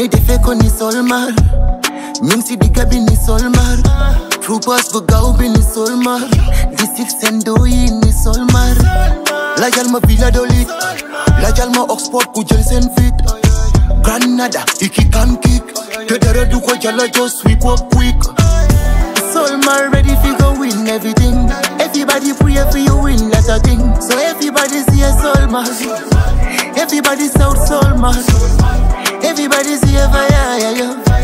Hedefe konis olmar Min si go binis be ni bu gav binis olmar sendo sen ni inis olmar La yal ma dolit, La yal ma Oxford ku jël seen fit Granada iki can kick Te dara du ko jala just sweep up quick Solmar ready fi go win everything Everybody pray for you win that's a thing So everybody see a Solmar Everybody shout Solmar Everybody's here for ya, yeah, yeah.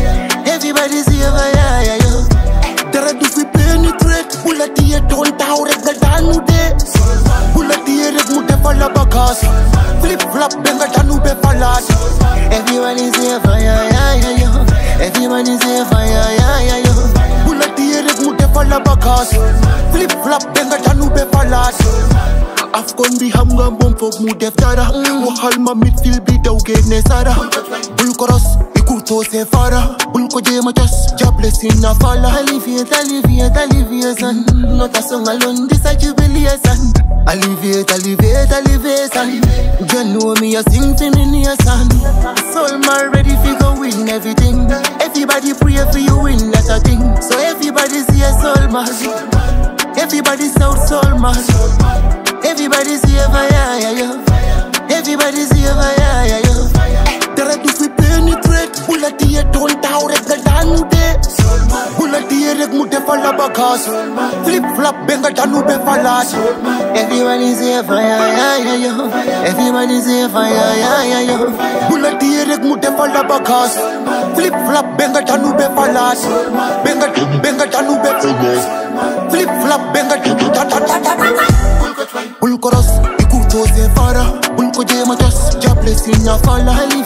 di xam nga moom foog mu def dara waxal ma midfield bi daw génne sara bul ko ros écoutoo c'est fara bul ko jéema cos jàppale si na fala Olivier Olivier Olivier san nota songaloon di sa jubilee san Olivier Olivier Olivier you know me a sing singing in your son soul man ready for go win everything everybody pray for you win that's a thing so everybody's here, soul man everybody sound soul man boss. Flip flop bigger than you before last. Everyone is here for ya, ya, ya, ya. Everyone is here for ya, ya, ya, ya. Bullet the eric mute for the bagas. Flip flop bigger than you before last. Bigger, bigger than you before last. Flip flop bigger than you before last. Bulkoros, ikut chose fara. Bulko jema just, ja blessing ya fala.